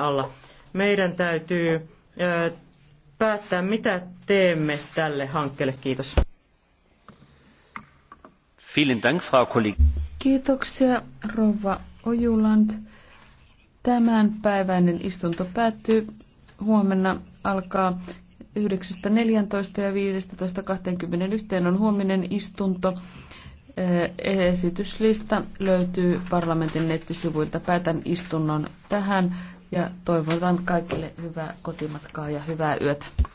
alla. Meidän täytyy päättää, mitä teemme tälle hankkeelle. Kiitos. Kiitoksia, Rova Ojuland. Tämän päiväinen istunto päättyy. Huomenna alkaa 9.14 ja 15.21 on huominen istunto. Esityslista löytyy parlamentin nettisivuilta. Päätän istunnon tähän ja toivotan kaikille hyvää kotimatkaa ja hyvää yötä.